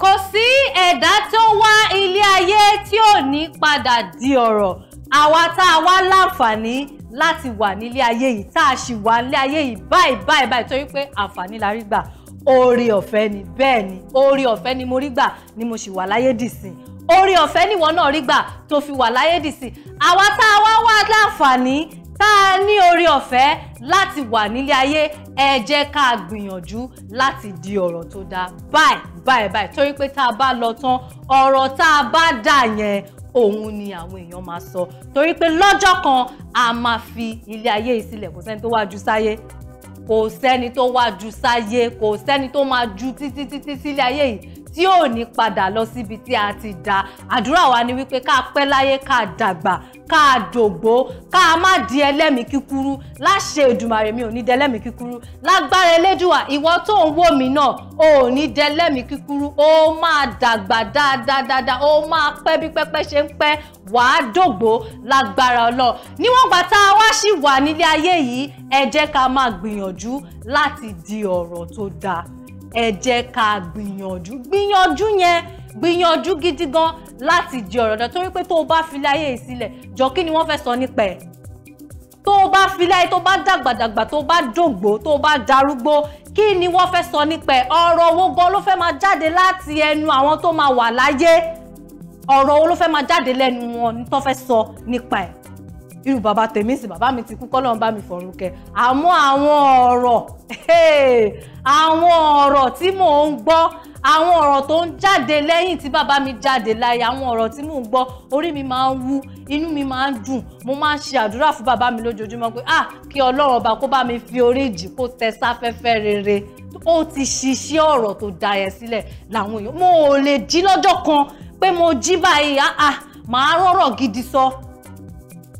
kò sí ẹ̀dá tó wá ilé ayé tí ò ní padà di ọ̀rọ̀ àwa tá a wá láǹfààní láti wà nílé ayé yìí tá a sì wà nílé ayé yìí báyìí báyìí báyìí torí pé àǹfààní la rí gbà oore ọ̀fẹ́ ni bẹ́ẹ̀ ni oore ọ̀fẹ́ ni mo rí gbà ni mo sì wà láyé dìsìn oore ọ̀fẹ́ nìwọ náà rí gbà tó fi wà láyé dìsìn àwa tá a wá wá láǹfààní tá a ní orí ọ̀fẹ́ láti wà nílé ayé ẹ jẹ́ ká gbìyànjú láti di ọ̀rọ̀ tó dáa báyìí báyìí báyìí torí pé tá a bá lọ tán ọ̀rọ̀ tá a bá dà yẹn òun ni àwọn èèyàn máa sọ torí pé lọ́jọ́ kan a máa fi ilé ayé yìí sílẹ̀ kò sẹ́ni tó wájú sáyé kò sẹ́ni tó wájú sáyé kò sẹ́ni tó máa ju títí títí sílé ayé yìí tí ò ní padà lọ síbi tí a ti dá àdúrà wa ni wípé ká pẹ́ láyé ká dàgbà ká dògbó ká má di ẹlẹ́mìí kíkúrú láṣẹ Èdùmàrè mi ò ní dẹlẹ́mìí kíkúrú lágbára Elédùà ìwọ tó ń wò mí náà ò ní dẹlẹ́mìí kíkúrú ó máa dàgbà dáadáa ó máa pẹ́ bí pẹ́pẹ́ ṣe ń pẹ́ wàá dògbó lágbára Ọlọ́run níwọ̀n gbà tá a wá sì wà nílé ayé yìí ẹ jẹ́ ká máa gbìyànjú láti di ọ̀rọ̀ tó dáa ẹ jẹ́ ká gbìyànjú gbìyànjú yẹn gbìyànjú gidi gan láti di ọ̀rọ̀dọ̀ torí pé tó o bá fi láyé ìsílẹ̀ jọ kí ni wọ́n fẹ́ sọ nípa ẹ̀ tó o bá fi láyé tó o bá dàgbàdàgbà tó o bá dògbò tó o bá darúgbó kí ni wọ́n fẹ́ sọ nípa ẹ̀ ọ̀rọ̀ owó gan ló fẹ́ máa jáde láti ẹnu àwọn tó máa wà láyé ọ̀rọ̀ owó ló fẹ́ máa jáde lẹ́nu wọn tó fẹ́ sọ nípa ẹ̀ irú bàbá tèmi sì bàbá mi ti kú kọ́lọ́n bá mi fọ̀rùn kẹ́ àmọ́ àwọn ọ̀rọ̀ àwọn ọ̀rọ̀ tí mò ń gbọ́ àwọn ọ̀rọ̀ tó ń jáde lẹ́yìn tí bàbá mi jáde láyé àwọn ọ̀rọ̀ tí mò ń gbọ́ orí mi máa ń wú inú mi máa ń dùn mo máa ń ṣe àdúrà fún bàbá mi lójoojúmọ́ pé ah kí ọlọ́run ọba kó bá mi fi orí jì kó tẹ sáfẹ́fẹ́ rere ó ti ṣiṣẹ́ ọ̀rọ̀ tó da yẹn sílẹ̀ làwọn èèyàn mo ò lè jí lọ́jọ́ kan pé mo jí báyìí ah ah màá rọ̀rọ̀ gidi sọ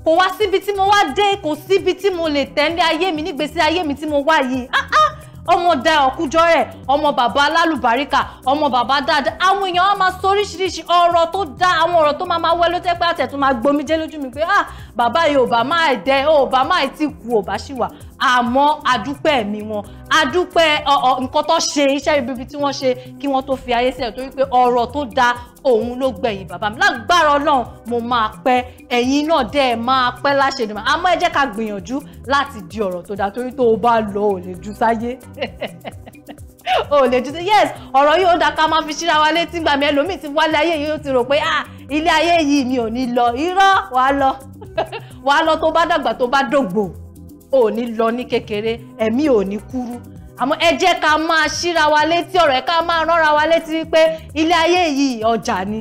kò wá síbi tí mo wá dé kò síbi tí mo lè tẹ́lẹ̀ ayé mi nígbésí ayé mi tí mo wá yìí ah ah ọmọ da ọkújọ rẹ ọmọ bàbá alálùbáríkà ọmọ bàbá dáadáa àwọn èèyàn á máa sọ oríṣiríṣi ọ̀rọ̀ tó dá àwọn ọ̀rọ̀ tó máa máa wẹ ló tẹ pé àtẹtù máa gbomijé lójú mi pé ah bàbá yìí ò bá máa dẹ ò bá máa ti kú ò bá ṣì wà àmọ́ adúpẹ́ ẹ̀mí wọn adúpẹ́ nǹkan tó ṣe iṣẹ́ ibi tí wọ́n ṣe kí wọ́n tó fi ayé sílẹ̀ torí pé ọ̀rọ̀ tó da òun ló gbẹ̀yìn bàbá mi lágbára ọlọ́run mo máa pẹ́ ẹ̀yin náà dẹ́ ẹ máa pẹ́ láṣẹ ìdìbò àmọ́ ẹ jẹ́ ká gbìyànjú láti di ọ̀rọ̀ tó da torí tó o bá lọ ò lè ju sáyé o lè ju yes ọ̀rọ̀ yìí ó da ká máa fi ṣíra wa létí gbà mí ẹlòmíì ti wálé ayé yìí ó ti rò pé ah ilé ayé yìí mi ò ní lọ irọ́ wàá lọ wàá lọ tó bá dàgbà tó bá dògbò ò ní lọ ní kékeré ẹ̀mí ò ní kúrú àmọ́ ẹ jẹ́ ká máa ṣíra wa létí ọ̀rọ̀ ẹ ká máa ránra wa létí wípé ilé ayé yìí ọjà ni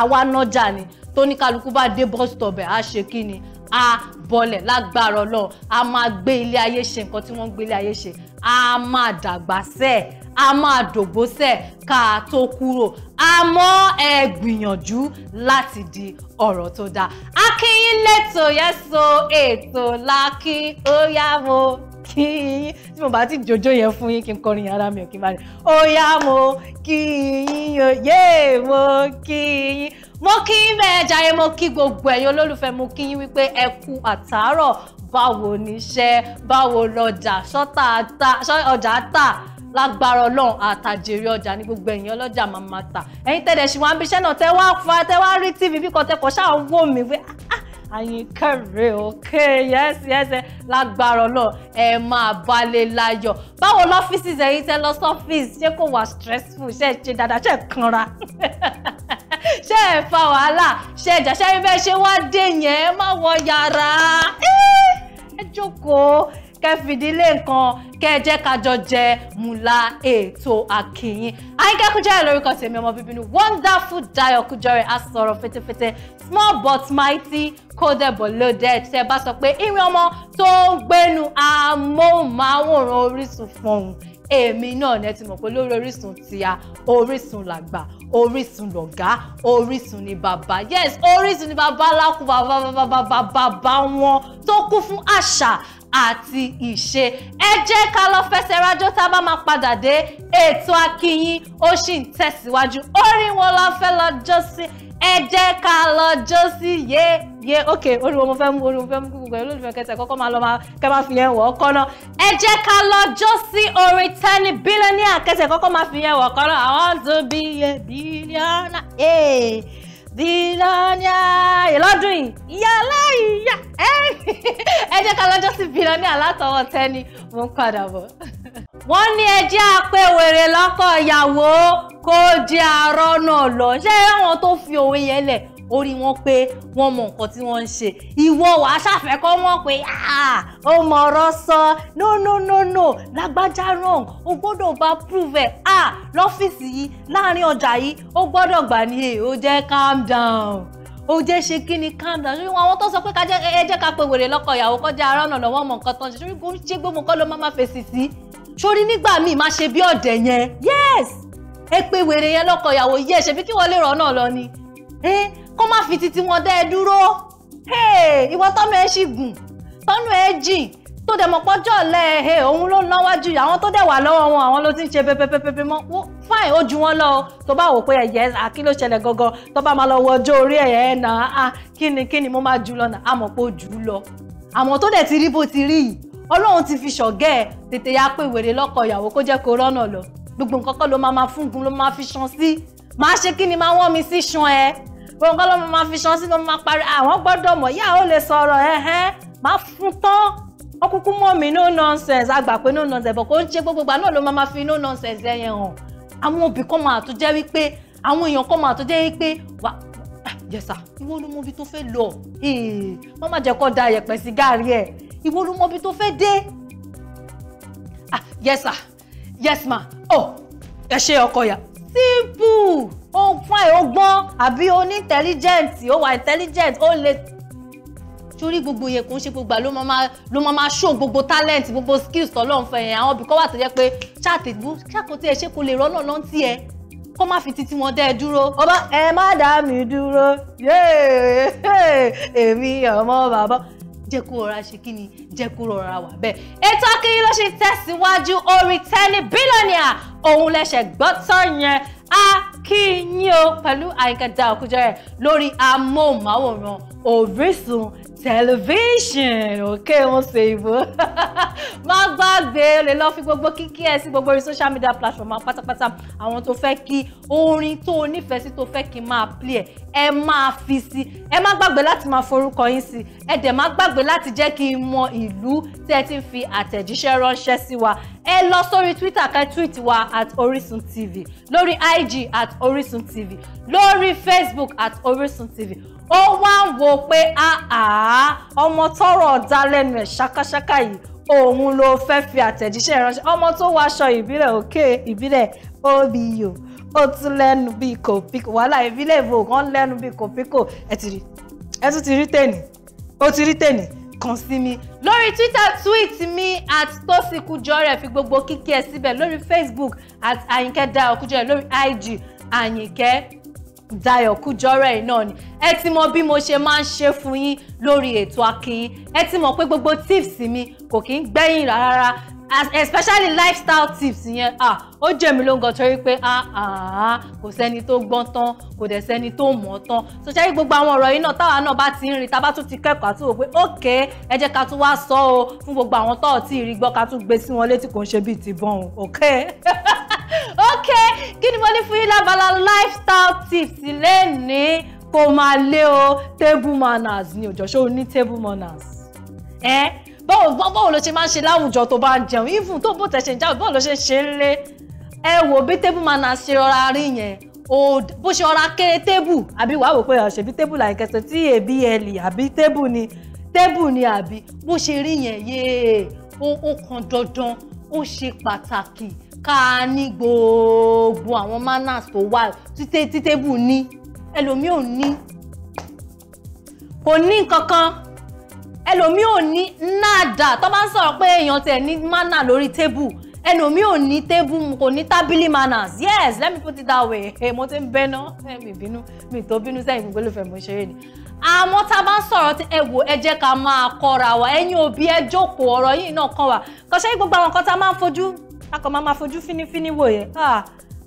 àwa nọjà ni tóníkàlùkù bá dé bus stop ẹ̀ á ṣe kí ni a bọlẹ̀ lágbára ọlọ́run a máa gbé ilé ayé ṣe nǹkan tí wọ́n ń gbé ilé ayé ṣe a máa dàgbà sẹ́ẹ̀ a máa dògbósẹ̀ ká a tó kúrò àmọ́ ẹ gbìyànjú láti di ọ̀rọ̀ tó dáa akínyín lẹ́tọ̀ yẹn so ètò lákì ó yá mo kí yín tí mo bá ti jòjó yẹn fún yín kí n kọrin ara mi ò kí n bá rí ó mo kí yín òye mo kí yín mo kí yín bẹ́ẹ̀ jàre mo kí gbogbo ẹ̀yin olólùfẹ́ mo kí yín wípé ẹ kú àtàárọ̀ báwo níṣẹ́ báwo lọ́jà ọjà tà lágbára ọlọ́run àtàjèrè ọjà ní gbogbo ẹ̀yìn ọlọ́jà máa ma tà ẹ̀yin tẹ̀lẹ̀ ṣì wá ń bíṣẹ́ náà tẹ́ wá fa tẹ́ wá rí tv bí kan tẹ́ kọ́ ṣáà ń wò mí pé ah, ah, àyìnkẹ́ rè ókè yẹ́sìyẹ́sẹ̀ lágbára ọlọ́run ẹ máa balẹ̀ láyọ̀ báwo lọ́fíìsì ẹ̀yin tẹ́ lọ sọ́fíìsì ṣé kò wà stressful ṣe é ṣe dáadáa ṣe é kanra ṣe é fa wàhálà ṣe é jà ṣe é bẹ́ẹ̀ ṣe wá dé yẹn má wọ yàrá ẹ jókòó kẹ́ fìdílé nǹkan kẹ́ jẹ́ ká jọ jẹ mùlá ètò àkìyìn Àyìnkẹ́ Kújọrẹ̀ lórúkọ tèmi ọmọ bíbí ni wonderful Dayọ̀ Kújọrẹ̀ á sọ̀rọ̀ fetefete small but mighty kódẹ̀bọ̀ lóde tẹ́ bá sọ pé ìwé ọmọ tó ń gbénu amóhùnmáwòrán Orísun fọhùn èmi náà ní ẹ ti mọ̀ pé lórí orísun ti a orísun làgbà orísun lọ̀gá orísun ni bàbá yes orísun ni bàbá lákùn bàbá bàbá bàbá bàbá wọn tó kún fún àṣà àti ìṣe ẹ jẹ́ ká lọ fẹsẹ̀ rájọ́ tá a bá máa padà dé ètò akínyìn ó sì ń tẹ̀síwájú orin wo la fẹ́ lọ jọ́ sí ẹ jẹ́ ká lọ jọ́ sí yé yé ok orin wo mo fẹ́ mú orin mo fẹ́ mú gbogbo ẹ̀ olólùfẹ́ kẹsẹ̀ kọ́kọ́ máa lọ kẹ́ máa fi yẹn wọ̀ ọ́ kọ́nà ẹ jẹ́ ká lọ jọ́ orin tẹ́ni bílíọ̀nì àkẹsẹ̀ kọ́kọ́ máa fi yẹn wọ̀ ọ́ kọ́nà I want to be a billionaire billionaire lọ́dún yìí yàrá ìyá ẹ jẹ́ ká lọ́jọ́ sí billionaire látọwọ́ tẹ́ni mo ń padà bọ̀. wọ́n ní ẹjẹ́ apẹ̀wèrè lọ́kọ ìyàwó kó jẹ́ arọ́nà lọ ṣé àwọn tó fi òwe yẹn lẹ̀ orí wọn pé wọ́n mọ nǹkan tí wọ́n ń ṣe ìwọ wàá ṣàfẹ́kọ́ wọn pé ah, ó mọ ọ̀rọ̀ sọ no no no no lágbájá wrong o gbọ́dọ̀ bá prove ẹ̀ ah, lọ́fíìsì yìí láàrin ọjà yìí o gbọ́dọ̀ gbà ní èyí ó jẹ́ calm down ó jẹ́ ṣe kí ni calm down ṣùgbọ́n àwọn tó sọ pé ẹ jẹ́ ká pe wèrè lọ́kọ ìyàwó kọjá ara ọ̀nà lọ́wọ́ mọ̀ nǹkan tán ṣe ṣé gbogbo ṣé gbogbo nǹkan ló máa ma fèsì sí sórí nígbà míì má ṣe bí ọ̀dẹ̀ yẹn yes ẹ pe wèrè yẹn lọ́kọ ìyàwó yẹ ṣe bí kí wọ́n lè rọ̀ náà lọ ni ẹ kó má fi titi wọn dá ẹ dúró ìwọ tọ́nu ẹ ṣì gùn tọ́nu ẹ jìn tó dẹ̀ mọ̀ pọ́jọ́ lẹ̀ ẹ̀ òun ló náwájú àwọn tó dẹ̀ wà lọ́wọ́ wọn àwọn ló ti ń ṣe pẹpẹpẹpẹ mọ́ fine ó ju wọn lọ o tó bá wò pé ẹ̀yẹ àkí ló ṣẹlẹ̀ gangan tó bá máa lọ wọ ọjọ́ orí ẹ̀yẹ nà á kí ni kí ni mo máa jù lọ nà pé ó jù ú lọ àmọ́ tó dẹ̀ ti rí bó ti rí yìí ọlọ́run ti fi ṣọ̀gẹ́ ẹ̀ tètè ya pé wèrè lọ́kọ ìyàwó kó jẹ́ kó rọ́nà lọ gbogbo nǹkan kọ́ ló máa máa fúngun ló máa fi ṣan sí máa ṣe kí ni máa wọ́n mi sí ṣan ẹ gbogbo nǹkan lọ́mọ máa fi ṣan sínú ọmọ máa parí àwọn gbọ́dọ̀ mọ̀ yá ò lè sọ̀rọ̀ ẹ̀hẹ́n máa fún tán wọ́n kúkú mọ̀ no nonsense àgbà pé no nonsense bọ̀ kó ń ṣe gbogbo ìgbà náà ló máa fi no nonsense ẹ̀yẹn hàn àwọn òbí kan máa tó jẹ́ wípé àwọn èèyàn kan máa tó jẹ́ wípé wà ah, yẹsà ìwọ ló mọ ibi tó fẹ́ lọ wọ́n má jẹ́ kó da yẹ̀pẹ̀ sí gààrí ẹ̀ ìwọ ló mọ ibi tó fẹ́ dé ah, yẹsà yes ma ọ oh, ẹ ṣe ọkọ yà simple ó ń fine ó gbọ́n àbí ó ní intelligent ó wà intelligent ó lè torí gbogbo yẹn kò ń ṣe gbogbo ló máa ló máa show gbogbo talent gbogbo skills tọ́lọ́ ń fẹ́ yẹn àwọn ibìkan wà tó jẹ́ pé ṣáàtì ṣàkóso ẹ̀ ṣé kò lè rọ́nà lọ́n tí ẹ kó má fi títí wọn dẹ́ ẹ dúró. ọba ẹ má dá mi dúró yéé èmi ọmọ bàbá jẹ́ kó rọra ṣe kí ni jẹ́ kó rọra wà bẹ́ẹ̀. ètò Àkíìyín ló ṣe tẹ̀síwájú orí tẹ́ni bílíọ̀nìà òun lẹ́sẹ̀ gbọ́tọ̀ yẹn Àkíìyín o pẹ̀lú Àyìnkẹ́ Dáòkú jẹ́rẹ̀ lórí amóhùnmáwòrán Orísun television ok wọn ṣe ìbò má gbàgbé lè lọ fi gbogbo kíkí ẹ sí gbogbo orí social media platform pátápátá àwọn tó fẹ́ kí orin tó nífẹ̀ẹ́ sí tó fẹ́ kí máa play ẹ ẹ máa fi sí ẹ má gbàgbé láti máa forúkọ yín sí ẹ dẹ̀ má gbàgbé láti jẹ́ kí n mọ ìlú tí ẹ ti ń fi àtẹ̀jíṣẹ́ ránṣẹ́ sí wa ẹ lọ sórí Twitter kẹ́ tweet wa at Orisun TV lórí IG at Orisun TV lórí Facebook at Orisun TV ó wá ń wo pé ọmọ tọrọ ọ̀dà lẹ́nu ẹ̀ ṣákáṣáká yìí òun ló fẹ́ fi àtẹ̀jíṣẹ́ ránṣẹ́ ọmọ tó wọ aṣọ ìbílẹ̀ òkè ìbílẹ̀ obio ó tún lẹ́nu bíi kòpíkò wàhálà ìbílẹ̀ ìbò kan lẹ́nu bíi kòpíkò ẹ ti rí ẹ tún ti rí tèní ó ti rí tèní kàn sí mi. lórí twitter tweet mi at tosikujore fi gbogbo kíkí ẹ síbẹ̀ lórí facebook at ayinke dayo kujore lórí ig ayinke Dayọ̀ Kújọ́rẹ́ yìí náà ni ẹ ti mọ bí mo ṣe máa ń ṣe fún yín lórí ètò Akíìyín ẹ ti mọ̀ pé gbogbo tips mi kò kí ń gbẹ́yìn rárá As especially lifestyle tips yẹn ah ó jẹ mí ló torí pé ah ah kò sẹ́ni tó gbọ́n tán kò dẹ̀ sẹ́ni tó mọ̀ tán so ṣe gbogbo àwọn ọ̀rọ̀ yìí náà táwa náà bá ti ń rí tá a bá tún ti kẹ́kọ̀ọ́ àti wò pé ok ẹ jẹ́ ká tún wá sọ o fún gbogbo àwọn tó ọ̀ tí ì rí gbọ́ ká tún gbé sí wọn létí kò ń ṣe bíi ti bọ́n o ok ok kí ni mo ní fún yín lábala lifestyle tips lẹ́ni kó máa lé o table manners ni òjọ́ṣọ́ o ní table manners. Eh? báwo báwo ló ṣe máa ń ṣe láwùjọ tó bá ń jẹun even tó bó tẹ̀ ṣe ń jáwé báwo ló ṣe ń ṣe ń lé ẹ wò bí tébù máa na ṣe ọra rí yẹn bó ṣe ọra kéré tébù àbí wàá wò pé ọ̀ṣẹ̀ bí tébù làyìn kẹsàn tí èbí ẹ lì àbí tébù ni tébù ni àbí bó ṣe rí yẹn yéé ó kan dandan ó ṣe pàtàkì ká ní gbogbo àwọn manners tó wà tí tébù ní ẹlòmíì ò ní kò ní nǹkan kan ẹlòmíì ò ní nada tó bá ń sọ̀rọ̀ pé èèyàn tẹ̀ ní mánà lórí tébù ẹlòmíì ò ní tébù kò ní tábìlì manners yes let me put it that way ẹ mo ti ń bẹ́ná mi bínú mi tó bínú sẹ́yìn gbogbo olùfẹ́ mo ṣeré ni àmọ́ tá a bá ń sọ̀rọ̀ tí ẹ wò ẹ jẹ́ ká máa kọ́ra wa ẹ̀yin òbí ẹ jókòó ọ̀rọ̀ yìí náà kàn wá kọ́ṣẹ́ gbogbo àwọn nǹkan tá a máa ń fojú a máa máa fojú fínífíní wò yẹn ah,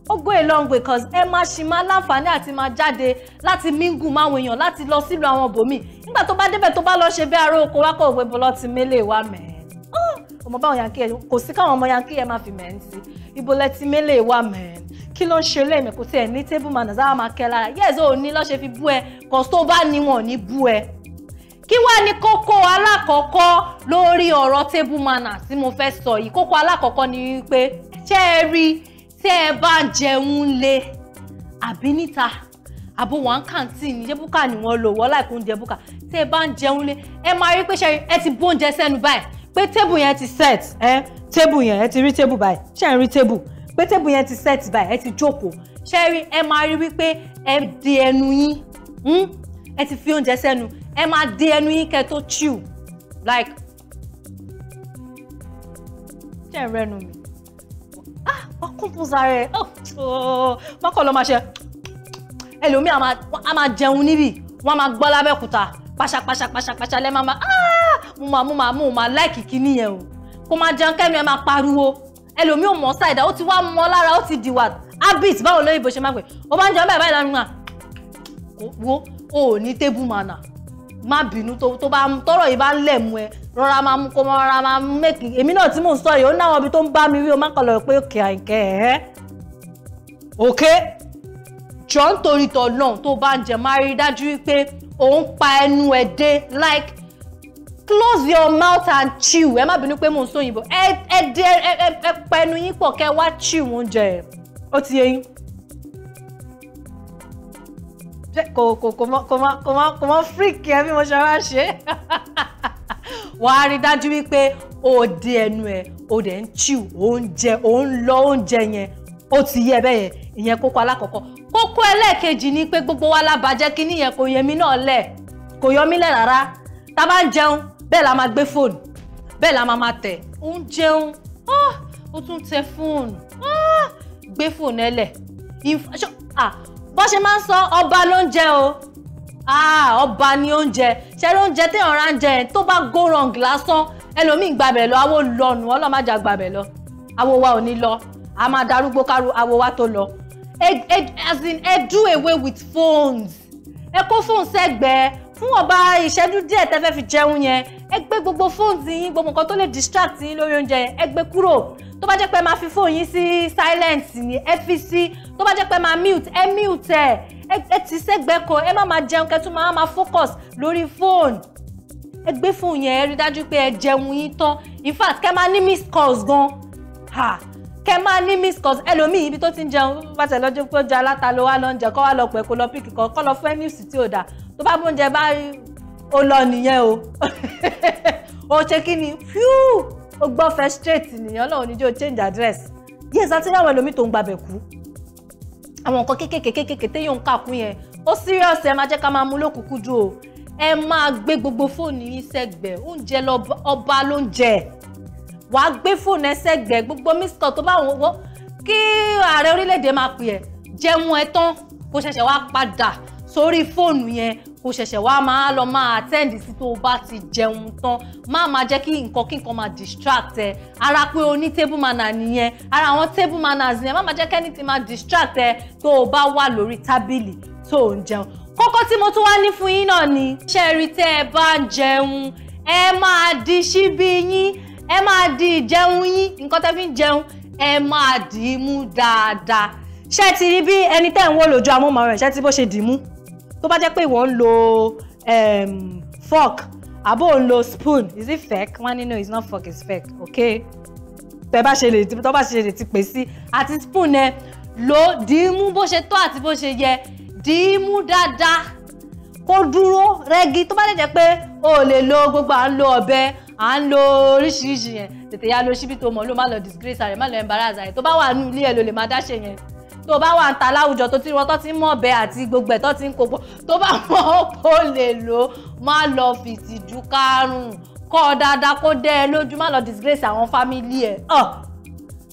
ó go a long way cause ẹ máa ṣì máa láǹfààní àti máa jáde láti mingu máwọn èèyàn láti lọ sílùú àwọn bòmíì nígbà tó bá débẹ̀ tó bá lọ ṣe bí aró oko wákọ̀ òwe bọ́lọ́ ti mélé wa mẹ́ ah! ọmọ báwọn yankí ẹ kò sí káwọn ọmọ yankí ẹ máa fi mẹ́ ń sí ibo lẹ ti mélé wa mẹ́ kí ló ń ṣe lẹ́mẹ̀ kò tiẹ̀ ní table manners á máa kẹ́ lára yẹ́s ò ní lọ́ ṣe fi bú ẹ cause tó bá ní wọn ní bú ẹ kí wá ní kókó alákọ̀ọ́kọ́ lórí ọ̀rọ̀ table manners tí mo fẹ́ sọ yìí kókó alákọ̀ọ́kọ́ ni wípé ṣé ẹ rí i tẹ́ ẹ bá jẹun lé àbí níta àbò wọn kàǹtì níjẹ́ búkà ni wọ́n lò wọ́n láìpẹ́ oúnjẹ búkà tẹ́ ẹ bá ń jẹun lé ẹ máa rí pé ṣe ẹ ti bó oúnjẹ sẹ́nu báyìí pé tébù yẹn ti set ẹ tébù yẹn ẹ ti rí tébù báyìí ṣe ń rí tébù pé tébù yẹn ti set báyìí ẹ ti jókòó ṣe rí ẹ máa rí wípé ẹ di ẹnu yín hmm? ẹ ti fi oúnjẹ sẹ́nu ẹ máa di ẹnu yín kẹ́ tó chew like ṣe ń rẹ́nu mi kúkú sáré oh, mọ́kàn ló máa ṣe ẹlòmíì a máa jẹun níbì wọ́n á máa gbọ́ lábẹ́kúta pàṣàpàṣàpàṣàpàṣà lẹ́ máa máa ah, mo máa mo máa mo máa láìkì kíní yẹn o kó máa jẹun kẹ́mi ẹ máa pariwo ẹlòmíì ò mọ̀ ṣàìdá ó ti wá mọ́ lára ó ti dìwà habit báwo lóyìnbó ṣe máa pè ó bá ń jẹun báyìí báyìí lánàá wo o ò ní tébù mànà má bínú tó bá tọrọ yìí rọra máa mú kó rọra máa mẹ́kì èmi náà tí mò ń sọ yìí ó náwọn ibi tó ń bá mi wí o má kàn lọ pé òkè àìkẹ́ ẹ̀ òkè jọ ń torí tọ̀ náà tó bá ń jẹ máa rí dájú wípé òun pa ẹnu ẹ̀ dé like close your mouth and chew ẹ má bínú pé mò ń sóyìnbó ẹ ẹ dé ẹ ẹ ẹ pa ẹnu yín pọ̀ kẹ́ wá chew oúnjẹ ẹ̀ ó ti yé yín. kò kò kò mọ kò mọ kò mọ freak ẹ bí mo ṣe máa ṣe wàá rí dájú wípé o dé ẹnu ẹ o dẹ̀ ń chew oúnjẹ o ń lọ oúnjẹ yẹn ó ti yẹ bẹ́ẹ̀ yẹn ìyẹn kókó alákọ̀ọ́kọ́ kókó ẹlẹ́ẹ̀kejì ni pé gbogbo wa la bàjẹ́ kíní yẹn kò yẹmí náà lẹ̀ kò yọmí lẹ̀ rárá tá a bá ń jẹun bẹ́ẹ̀ la máa gbé fóònù bẹ́ẹ̀ la máa máa tẹ̀ ó ń jẹun ah, ó tún tẹ fóònù ah, gbé fóònù ẹ lẹ̀ ṣe máa ń sọ ọba ló ń jẹ o ah ọba ni oúnjẹ ṣẹ́rí oúnjẹ téèyàn ra ń jẹ yẹn tó bá go wrong lásán ẹlòmíín gbàbẹ̀ lọ awo lọnu ọlọ́màjà gbàbẹ̀ lọ awo wa ò ní lọ a máa darúgbó kárú awo wa tó lọ e, e, as in ẹ do away with phones ẹ kó fóònù sẹ́gbẹ̀ẹ́ fún ọba ìṣẹ́jú díẹ̀ tẹ́ fi jẹun yẹn ẹ gbé gbogbo fóònù yín gbogbo nǹkan tó lè distract yín lórí oúnjẹ yẹn ẹ gbé kúrò tó bá jẹ́ pé máa fi fóònù yín sí silent ni ẹ fi sí tó bá jẹ́ pé máa mute ẹ mute ẹ ẹ ti sẹ́gbẹ́ kan ẹ má máa jẹun kẹ́ tún máa máa focus lórí fóònù ẹ gbé fóònù yẹn ẹ rí dájú pé ẹ jẹun yín tán in fact kẹ́ máa ní miss calls gan ha kẹ́ máa ní miss calls ẹlòmíì ibi tó ti ń jẹun bá tẹ̀ lọ́jọ́ pé ó jẹ aláta ló wá lọ ń jẹ kọ́ wá lọ pẹ̀ kó lọ píkì kan kọ́ lọ fẹ́ news tí ò dáa tó bá bóúnjẹ bá ó lọ nìyẹn o ó ṣe kí ni ó gbọ́ fẹ́ straight nìyẹn ọlọ́run níjó change address yíyẹn sátúnyàwó ẹlòmíì tó ń gbabẹ̀ kú àwọn nǹkan kéékèèké kéékèèké téèyàn ń kà kún yẹn ó serious ẹ máa jẹ́ ká máa mú lókùnkúndùn o ẹ máa gbé gbogbo fóònù yín sẹ́gbẹ̀ẹ́ oúnjẹ ọba ló ń jẹ wàá gbé fóònù ẹ sẹ́gbẹ̀ẹ́ gbogbo mísítọ̀ tó bá wọn wọ́ kí ààrẹ orílẹ̀-èdè máa pè ẹ́ jẹun ẹ tán kó ṣẹ̀ṣẹ̀ wá padà sórí fóònù yẹn kò ṣẹ̀ṣẹ̀ wá máa lọ máa attend sí tó o bá ti jẹun tán má máa jẹ́ kí nǹkan kí nǹkan máa distract ẹ ara pé o ní table manner nìyẹn ara àwọn table manners nìyẹn má máa jẹ́ kẹ́ni ti máa distract ẹ tó o bá wà lórí tábìlì tó o ń jẹun kókó tí mo tún wá ní fún yín náà ni ṣẹ́ẹ̀rì tẹ́ ẹ bá ń jẹun ẹ máa di ṣíbí yín ẹ máa di ìjẹun yín nǹkan tẹ́ fi ń jẹun ẹ máa dì í mú dáadáa ṣé ti rí bí ẹni tẹ́ ń wò lójú amóhùnmáwòrán ṣé ti bó ṣe dì í mú tó bá jẹ́ pé ìwọ ń lo um, fork àbò ń lo spoon is it fake wọ́n ní no it's not fork it's fake okay tẹ bá ṣe lè tọ́ bá ṣe lè ti pè sí àti spoon ẹ lo dìímú bó ṣe tọ́ àti bó ṣe yẹ dìímú dáadáa kó dúró rẹ́gí tó bá lè jẹ́ pé o lè lo gbogbo à ń lo ọ̀bẹ à ń lo oríṣiríṣi yẹn tètè ya lo ṣíbí tó mọ̀ ló má lọ disgrace ààrẹ má lọ embarrass ààrẹ tó bá wà nínú ilé ẹ ló lè má dá ṣe yẹn tó bá wà ń ta láwùjọ tó ti wọn tó ti ń mọ̀ bẹ́ẹ̀ àti gbogbo ẹ̀ tó ti ń kopọ̀ tó bá mọ̀ ó lè lò má lọ fìtìjú kárùn-ún dáadáa kó dẹ́ ẹ lójú má lọ disgrace àwọn family ẹ̀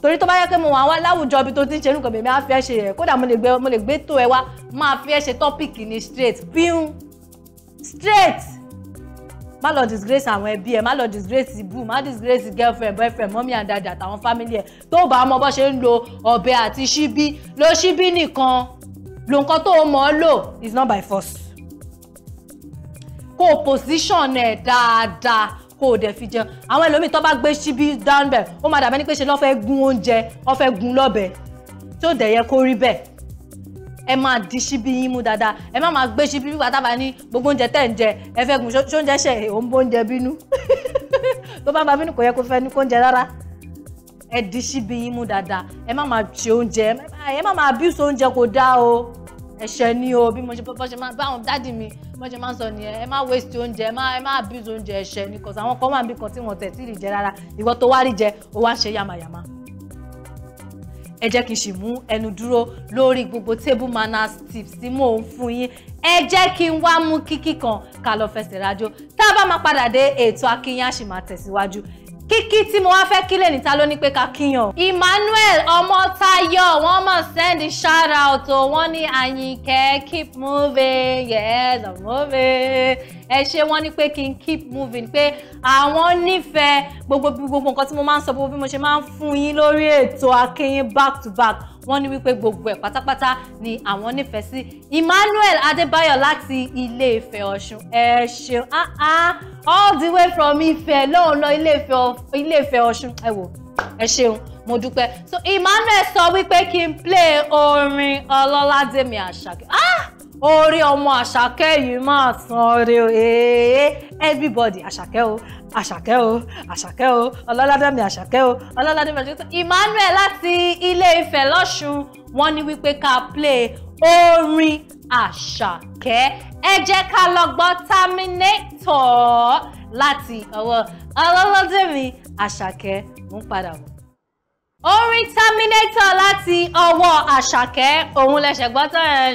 torí tó bá yẹ pé mo wà wá láwùjọ ibi tó ti ń ṣe nǹkan bèmí á fi ẹ ṣe yẹ kódà mo lè gbé mo tó ẹ wá máa fi ẹ ṣe tọ́pìkì ní straight píún straight má lọ disgrace àwọn ẹbí ẹ má lọ disgrace ibu má disgrace girlfriend boyfriend mommy and dada àtàwọn family ẹ tó bá mọ bó ṣe ń lo ọ̀bẹ àti ṣíbí lo ṣíbí nìkan lo nǹkan tó mọ̀ ọ́ lò is not by force kó o position ẹ dáadáa kó o dẹ̀ fi jẹun àwọn ẹlòmíì tó bá gbé ṣíbí down bẹ̀ ó má dàbẹ́ ni pé ṣe lọ́ fẹ́ gún oúnjẹ lọ́ fẹ́ gún lọ́bẹ̀ tó dẹ̀ yẹ kó rí bẹ́ẹ̀ ẹ máa di ṣíbí yín mú dáadáa ẹ má máa gbé ṣíbí bí pátábà ní gbogbo oúnjẹ tẹ̀ ń jẹ ẹ fẹ́ gùn ṣóúnjẹ ṣe òun bó oúnjẹ bínú tó bá ba bínú kò yẹ kó fẹ́ ní kó oúnjẹ rárá ẹ di ṣíbí yín mú dáadáa ẹ má máa ṣe oúnjẹ ẹ má máa abuse oúnjẹ kò dáa o ẹ̀ṣẹ̀ ni o bí mo ṣe bọ́ ṣe máa bá àwọn dáàdì mi bọ́ ṣe máa ń sọ nìyẹn ẹ má waste oúnjẹ ẹ má ẹ má abuse oúnjẹ ẹ̀ṣẹ̀ ni cause àwọn kan wà níbi kan tí wọ́n tẹ̀ sí ìrìjẹ rárá ìwọ tó wá rí jẹ ó wá ṣe yàmàyàmà ẹ jẹ́ kí n sì mú ẹnu dúró lórí gbogbo table manners tips tí mò ń fún yín ẹ jẹ́ kí n wá mú kíkí kan ká lọ fẹsẹ̀ rájò tá a bá máa padà dé ètò akínyìn á máa tẹ̀síwájú kíkí tí mo wá fẹ́ kí lè níta ló pé ká kíyàn. Emmanuel Ọmọ́táyọ̀ wọ́n mọ̀ send shout out o wọ́n ní Àyìnkẹ́ keep moving yes I'm moving ẹ ṣe wọ́n ní pé kí n keep moving pé àwọn nífẹ̀ẹ́ gbogbo gbogbo nǹkan tí mo máa ń sọ gbogbo bí mo ṣe máa ń fún yín lórí ètò Akíìyín back to back wọ́n ní wípé gbogbo ẹ̀ pátápátá ni àwọn nífẹ̀ẹ́ sí Emmanuel Adébáyọ̀ láti Ilé Ifẹ̀ Ọ̀ṣun ẹ ṣeun ah ah all the way from Ifẹ̀ lóun lọ Ilé Ifẹ̀ Ọ̀ṣun ẹ wò ẹ ṣeun mo dúpẹ́ so Emmanuel sọ wípé kí n play orin Ọlọ́ládé mi Àṣàkẹ́ ah orí ọmọ àṣàkẹ́ yìí máa san orí o ee everybody àṣàkẹ́ o àṣàkẹ́ o àṣàkẹ́ o ọlọ́ládàmí àṣàkẹ́ o ọlọ́ládàmí àṣàkẹ́ o Emmanuel láti ilé Ifẹ̀ lọ́ṣun wọ́n ni wípé ká play orin àṣàkẹ́ ẹ jẹ́ ká lọ gbọ́ Terminator láti ọwọ́ ọlọ́ládàmí àṣàkẹ́ mú padà bọ̀ orin terminator láti ọwọ́ àṣàkẹ́ òun lẹ̀ṣẹ̀ gbọ́ tán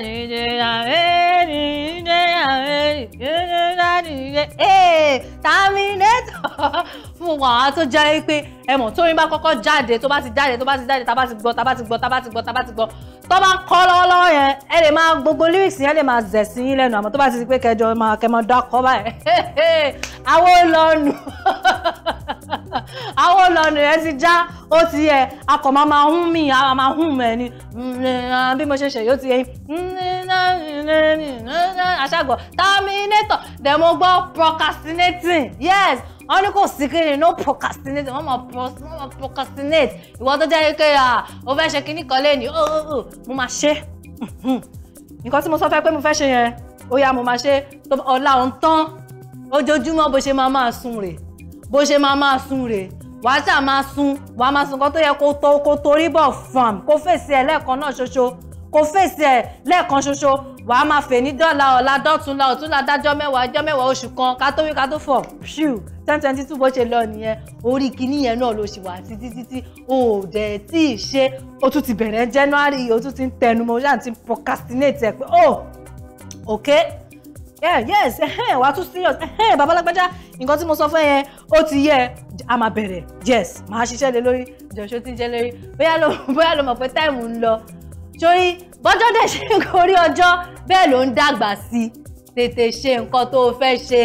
ẹ̀ terminator fún wàá tó jẹ́ pé ẹ̀mọ̀ tórin bá kọ́kọ́ jáde tó bá ti jáde tó bá ti jáde tá bá ti gbọ́ tá bá ti gbọ́ tá bá ti gbọ́ tá bá ti gbọ́ tó bá ń kọ́ lọ́wọ́lọ́wọ́ yẹn ẹ lè máa gbogbo lyrics yẹn lè máa zẹ̀ sí yín lẹ́nu àmọ́ tó bá ti di pé kẹjọ máa kẹ́ máa dákọ́ báyìí àwọn olọ́nu àwọn olọ́nu yẹn ti já ó ti yẹ akọ̀ máa máa hún mi a máa hún mẹ́ ni bí mo ṣe ṣe yóò ti yẹ aṣágọ̀ terminator dem mo gbọ́ procrastinating yes wọ́n ní kò sí kíni no procrastinate wọ́n máa procrastinate ìwọ tó jẹ́ ike à ó fẹ́ ṣe kíní kan lẹ́ni oh, oh, oh. mo máa ṣe nǹkan tí mo sọ fẹ́ pé mo fẹ́ ṣe yẹn ó yá mo máa ṣe ọ̀la ọ̀ntán ojoojúmọ́ bó ṣe máa máa sùn rè bó ṣe máa máa sùn rè wàá ṣáà máa sun wàá máa sun nǹkan tó yẹ kó tó kó torí bọ̀ fàm kó fèsì ẹ̀ lẹ́ẹ̀kan náà ṣoṣo kó fèsì ẹ̀ lẹ́ẹ̀kan ṣoṣo wàá máa fè ní dọ́là ọ̀la dọ́túnla ọ̀túnla dájọ́ mẹ́wàá ọjọ́ mẹ́wàá oṣù kan ká tó wí ká tó fọ̀ ṣíù ten twenty two bó ṣe lọ nìyẹn orí kinní yẹn náà ló ṣì wà títí títí o ò dẹ̀ tí ì ṣe o tún ti bẹ̀rẹ̀ January o tún ti ń tẹnumọ́ o ṣáà ti procrastinate ẹ̀ pé oh okay yes wà á tún serious babalágbájá nǹkan tí mo sọ fún ẹ yẹn ó ti yẹ a máa bẹ̀rẹ̀ yes màá ṣiṣẹ́ lé lórí jọ̀ṣọ́ ti jẹ́ lórí bóyá ló bóyá ló mọ̀ pé táìmù ń lọ sórí bọ́jọ́ dẹ̀ ṣe ń gorí ọjọ́ bẹ́ẹ̀ ló ń dàgbà sí i tètè ṣe nǹkan tó o fẹ́ ṣe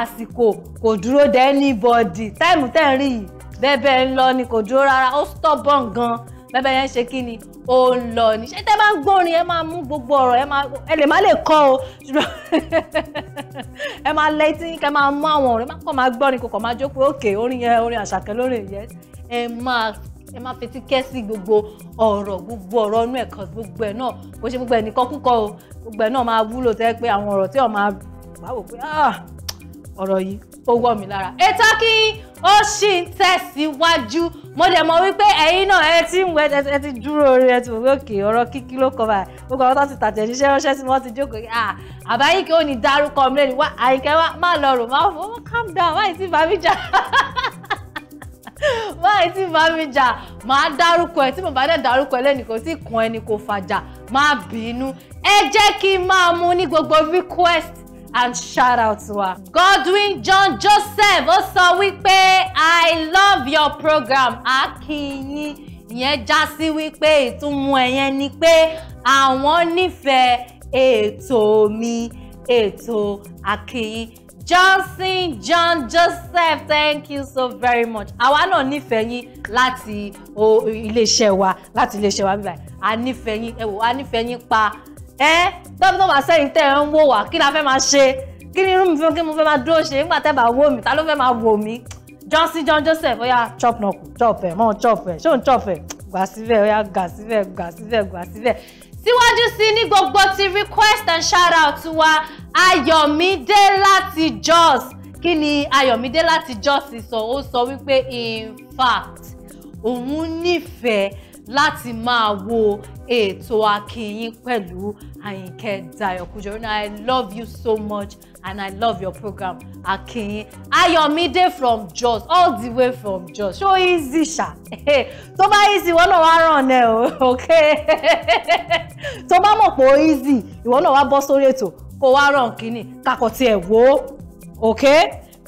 àsìkò kò dúró de anybody táìmù tẹ̀ ń rí yìí bẹ́ẹ̀ bẹ́ẹ̀ ń lọ ni kò dúró rárá ó stubborn gan bẹ́bẹ́ yẹn ṣe kí ni ó ń lọ ní ṣé tẹ́ bá ń gbórin ẹ máa mú gbogbo ọ̀rọ̀ ẹ lè má lè kọ́ o ṣùgbọ́n ẹ máa lẹ́tí kẹ́ máa mú àwọn ọ̀rọ̀ ẹ má kọ́ máa gbọ́rin kò kọ́ máa jókòó òkè orin yẹn orin àṣàkẹ́ lórin yẹn ẹ máa ẹ máa fetí kẹ́sì gbogbo ọ̀rọ̀ gbogbo ọ̀rọ̀ inú ẹ̀kọ́ gbogbo ẹ̀ náà bó ṣe gbogbo ẹ̀ nìkan kúkọ o gbogbo ẹ̀ náà máa wúlò tẹ́ pé àwọn ọ̀rọ̀ tí ọ̀ máa wá wò pé ah! ọ̀rọ̀ yìí ó wọ̀ mí lára. ètò kí ó sì ń tẹ̀síwájú mo dẹ̀ mọ̀ wípé ẹ̀yin náà ẹ ti ń wẹ ẹ ti dúró orí ẹ ti wò lókè ọ̀rọ̀ kíkí ló kọ́ báyìí ó kọ́ ọ́ ti tàtẹ̀ níṣẹ́ ránṣẹ́ sí wọ́n ti jókòó yìí ah àbáyíkẹ́ ò ní dárúkọ mi lẹ́nu wá àyíkẹ́ wá má lọ rò má fò ó calm down wáyé tí bàmí jà wáyé tí bàmí jà máa dárúkọ ẹ tí mo bá dẹ̀ dárúkọ ẹ lẹ́nu kò tí kan ẹni kò fàjà má bínú ẹ jẹ́ kí n máa mú ní gbogbo request and shout out to wa. Godwin John Joseph ó sọ wípé I love your program akínyìn ìyẹn já sí wípé ìtumọ̀ ẹ̀yẹn ni pé àwọn nífẹ̀ẹ́ ètò mi ètò akínyìn Johnson John Joseph thank you so very much àwa náà nífẹ̀ẹ́ yín láti iléeṣẹ́ wa láti iléeṣẹ́ wa bíbáyìí a nífẹ̀ẹ́ yín ẹ wò a nífẹ̀ẹ́ yín pa ẹ tọ́bi tó máa sẹ́yìn tẹ́ ẹ ń wò wá kí la fẹ́ máa ṣe kí ni irú mi fún kí mo fẹ́ máa dúró ṣe nígbà tẹ́ bá wò mí ta ló fẹ́ máa wò mí johnson john joseph ó yá chop náà kù chop ẹ mọ́ chop ẹ ṣóun chop ẹ gbà síbẹ̀ ó yá gà síbẹ̀ gà síbẹ̀ gà síbẹ̀ síwájú sí ní gbogbo ti request and shout out wa ayọ̀mídé láti jos kí ni ayọ̀mídé láti jos sọ ó sọ wípé in fact òun nífẹ̀ẹ́ láti máa wo ètò akínyìn pẹ̀lú àyìnkẹ́ dayo kujorina i love you so much and i love your program akínyìn ayọ̀mídé from jos all the way from jos So easy ṣá tó bá easy ìwọ náà wá ràn ẹ o ok tó bá mọ̀ pé ó easy ìwọ náà wá bọ́ sórí ètò kó wá ràn kínní kakọ̀ tiẹ̀ wò ó ok